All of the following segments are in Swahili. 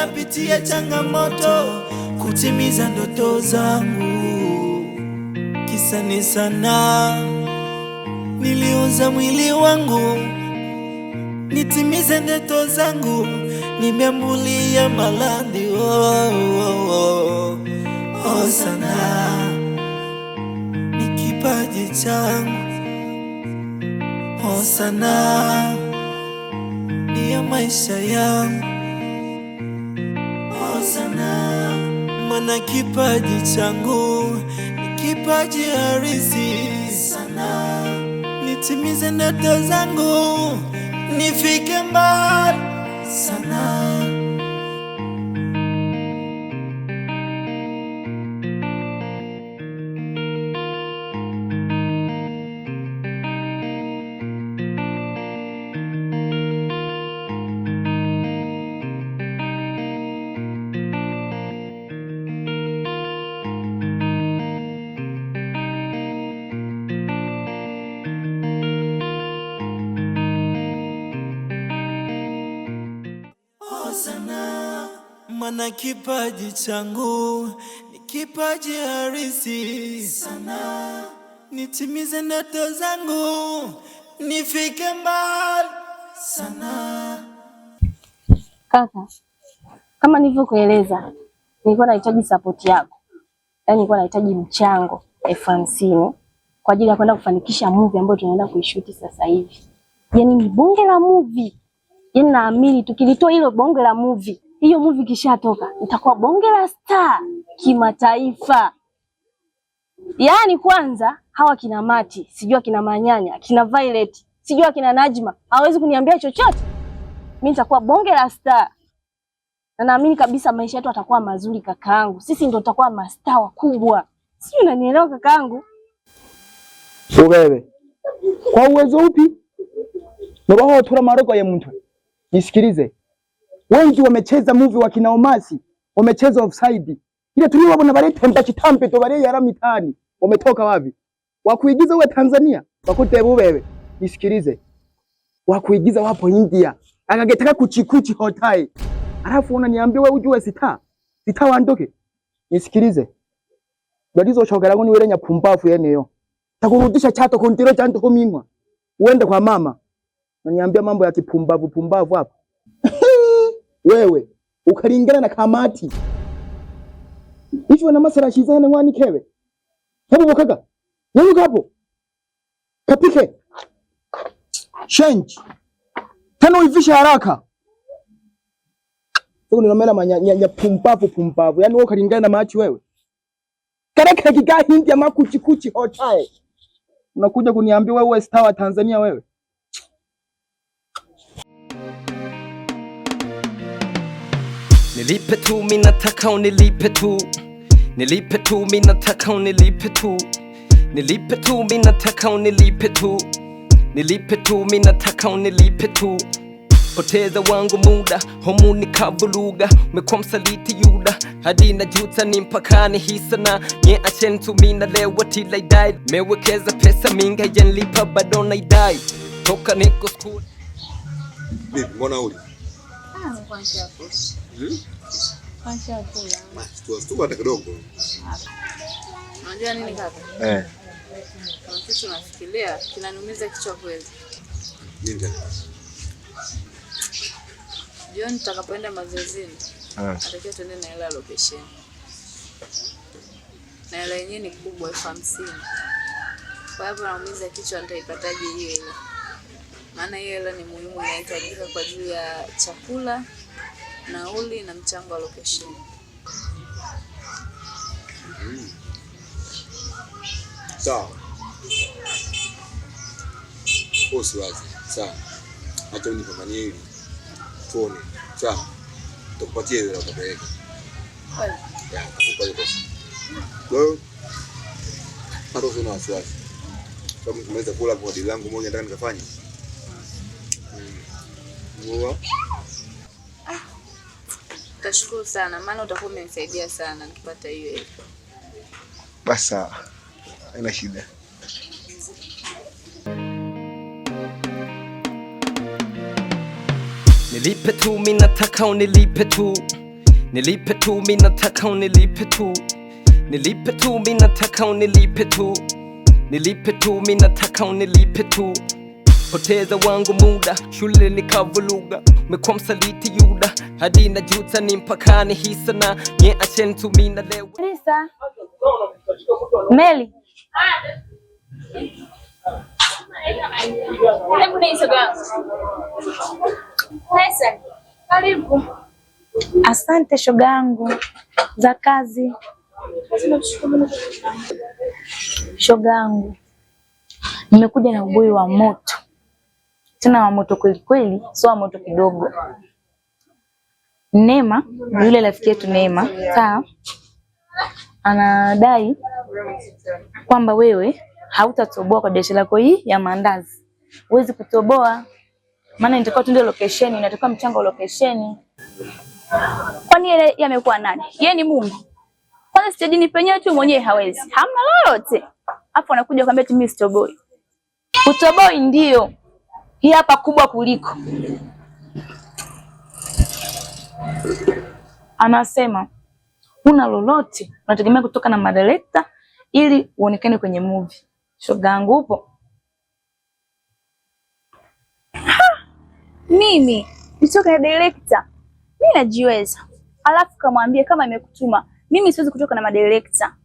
napitia changamoto kutimiza ndoto zangu. Kisa ni sanaa, niliuza mwili wangu nitimize ndoto zangu. Nimeambulia maradhi oh, oh, oh. Oh, oh sanaa ni kipaji changu oh, sanaa ndiyo maisha yangu. Maana kipaji changu ni kipaji halisi sana, nitimize ndoto zangu nifike mbali. na kipaji changu ni kipaji harisi sana, nitimize ndoto zangu nifike mbali sana. Kaka, kama nilivyokueleza, nilikuwa nahitaji sapoti yako, yaani nilikuwa nahitaji mchango elfu hamsini kwa ajili ya kwenda kufanikisha movie ambayo tunaenda kuishuti sasa hivi. Yaani ni bonge la movie, yaani naamini tukilitoa hilo bonge la movie hiyo movie kishatoka, nitakuwa bonge la star kimataifa. Yaani kwanza hawa kina Mati, sijui akina Manyanya, kina Violet, sijui akina Najma, hawezi kuniambia chochote. Mimi nitakuwa bonge la star. Na naamini kabisa maisha yetu atakuwa mazuri kakaangu. Sisi ndio tutakuwa masta wakubwa. Sijui unanielewa kakaangu? Wewe. Kwa uwezo upi? Nabaho tura maroko ya mtu. Nisikilize wengi wamecheza muvi wa kinaomasi wamecheza offside ile tuliwa bona bale temba chitambe to bale yara mitani wametoka wapi wakuigiza wewe Tanzania bakute bubebe nisikilize wakuigiza wapo India akagetaka kuchikuchi hotai alafu unaniambia wewe ujue sita sita wandoke nisikilize badizo shogara ngoni wele nyapumbafu yene yo. takurudisha chato kontiro chanto kominwa. uende kwa mama unaniambia mambo ya kipumbavu pumbavu hapo wewe ukalingana na kamati ichiwa na masala shiza hene mwani kewe hebu bokaga wewe kapo kapike change tena uivisha haraka Tuko ninomela manya pumpavu pumpavu. Yaani wewe ukalingana na machi wewe. Kareka kika hindi ya makuchi kuchi hotae. Unakuja kuniambia wewe star wa Tanzania wewe. Nilipe tu, minataka unilipe tu, nilipe tu, minataka unilipe tu, nilipe tu, minataka unilipe tu, nilipe tu, minataka unilipe tu. Poteza wangu muda, homu ni kabuluga umekuwa msaliti Yuda, hadi na juta ni mpakani hisa na nye acheni tu mimi nalewa till I died Mewekeza pesa mingi haijanilipa bado na idai toka niko school. Bibi, mbona uli? Ah, hata kidogo. Unajua nini kaka? Eh. Kuna kitu nafikiria kinaniumiza kichwa kweli. Nini tena? Jioni tutakapoenda mazoezini. Atakiwa tuende na hela location. Na hela yenyewe ni kubwa elfu hamsini. Kwa hivyo naumiza kichwa nitaipataje hiyo hela? Maana hiyo hela ni muhimu, inahitajika kwa ajili ya chakula nauli na mchango wa location. Mm. Sawa. Usiwazi sana, acha nipambanie hili tuone. Sawa, tukupatie hela ukapeleka. Hata usina wasiwasi, sababu tumeweza kula kwa dili langu moja, nataka nikafanya hmm. Tashukuru sana maana utakuwa umenisaidia sana nikipata hiyo elimu. Basi sawa. Haina shida. Nilipe tu mimi nataka unilipe tu. Nilipe tu mimi nataka unilipe tu. Nilipe tu mimi nataka unilipe tu. Nilipe tu mimi nataka unilipe tu. Poteza wangu muda, shule nikavuluga msaliti Yuda hadi najuta ni mpakani hisa na nye acheni tumina leo Meli Asante shogangu za kazi. Shogangu, nimekuja na ubuyu wa moto tena wa moto kweli kweli, sio wa moto kidogo. Neema, yule rafiki yetu Neema saa anadai kwamba wewe hautatoboa kwa biashara yako hii ya mandazi huwezi kutoboa, maana inatakiwa tunde location, inatakiwa mchango wa location. Kwani yeye amekuwa nani? Yeye ni Mungu kwanza, ni penyewe tu mwenyewe hawezi, hamna lolote, hapo anakuja kwambia mimi sitoboi. Utoboi ndio hii hapa kubwa kuliko, anasema una lolote, unategemea kutoka na madirekta ili uonekane kwenye movie. Shoga yangu upo Mimi nitoka na direkta, mi najiweza, alafu kamwambia kama imekutuma mimi siwezi kutoka na madirekta.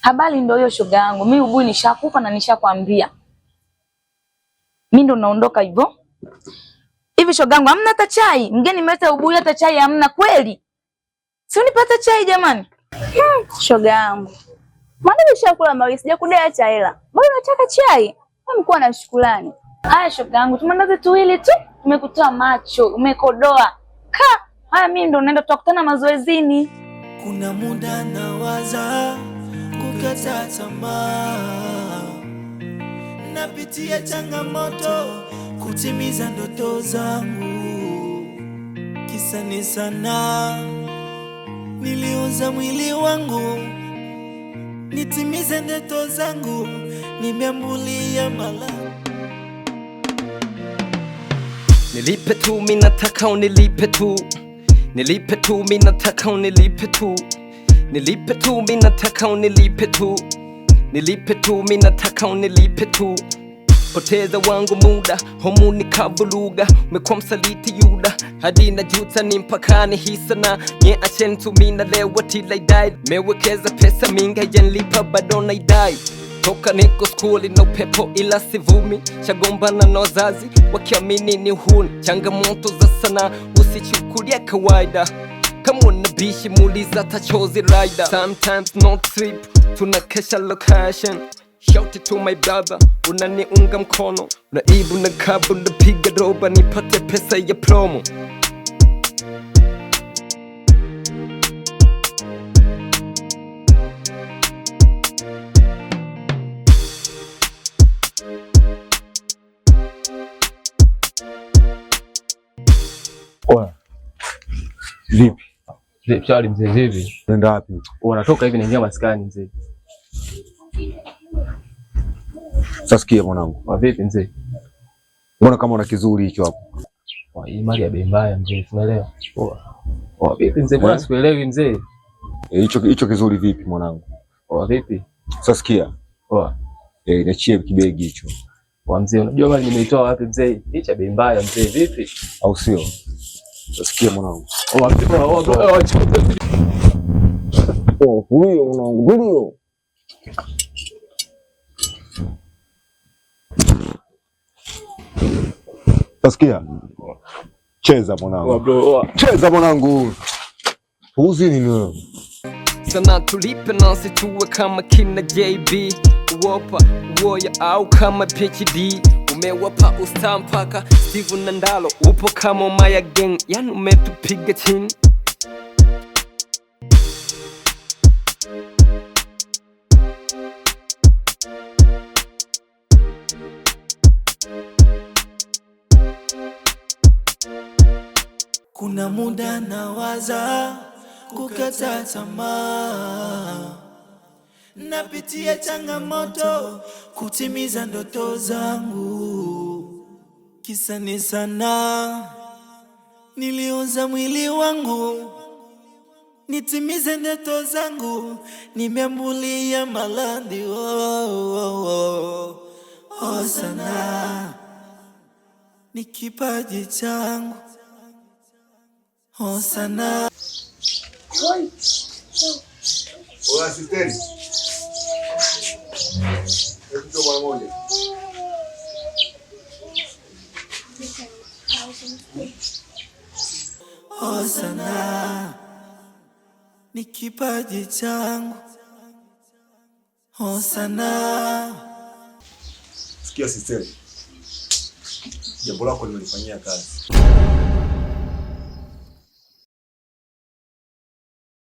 Habari ndio hiyo shoga yangu, mi ubui nishakupa na nishakwambia mimi ndo naondoka hivyo. Hivi shogangu, hamna hata chai? Mgeni mleta ubuyu, hata chai hamna kweli? Si unipata chai jamani. Hmm, shogangu, mbona ushakula mali? kudai hata hela. Mbona unataka chai? Mkuwa na shukrani. Haya shogangu, tumandaze tuwili tu, umekutoa macho, umekodoa ka haya. Mimi ndo naenda, tutakutana mazoezini. Kuna muda nawaza kukata tamaa napitia changamoto kutimiza ndoto zangu. Kisa ni sanaa, niliuza mwili wangu nitimize ndoto zangu, nimeambulia mala Nilipe tu mimi unilipe tu, nilipe tu minataka unilipe tu, nilipe tu mimi unilipe tu nilipe tu, mi nataka unilipe tu poteza wangu muda, homu ni nikavuruga, umekuwa msaliti Yuda hadi na juta ni mpakani hisa na nye achentu tu, mi nalewa till I died Mewekeza pesa mingi haijanilipa bado naidai toka niko skuli na upepo ila sivumi, chagombana na wazazi wakiamini ni uhuni. Changamoto za sana usichukulia kawaida, kama unabishi muuliza tachozi rider sometimes not sleep tunakesha location Shout it to my brother, unaniunga mkono, ibu na kabu, napiga roba nipate pesa ya promo. Vipi? Vipi, Charlie mzee, vipi? Nenda wapi? Unatoka hivi naingia maskani mzee. Sasikia mwanangu, Kwa vipi mzee? Mbona kama una kizuri hicho hapo? Kwa hii mali ya bei mbaya mzee, tunaelewa. Kwa vipi mzee, eh? bwana sikuelewi mzee. Eh, hicho hicho kizuri vipi mwanangu? Kwa vipi? Sasikia. Kwa. Eh, niachie kibegi hicho. Kwa mzee, unajua mali nimeitoa wapi mzee? Hii cha bei mbaya mzee, vipi? Au sio? Sasikia mwanangu. Kwa vipi? vipi? wa. Oh, huyo Kwa huyo. Nasikia? Cheza mwanangu. Cheza mwanangu. Uzi nini wewe? Sana tulipe nasi tuwe kama kina JB. Uopa, uoya au kama PhD. Umewapa usta mpaka Steve na Ndalo. Upo kama Maya Gang. Yani umetupiga chini. Kuna muda nawaza kukata tamaa, napitia changamoto kutimiza ndoto zangu, kisa ni sanaa. Niliuza mwili wangu nitimize ndoto zangu, nimeambulia malandi. Oh, oh, oh, oh, sana ni kipaji changu Hosana. Hosana. Ni kipaji changu. Hosana. Sikia, sisteri, jambo lako nimelifanyia kazi.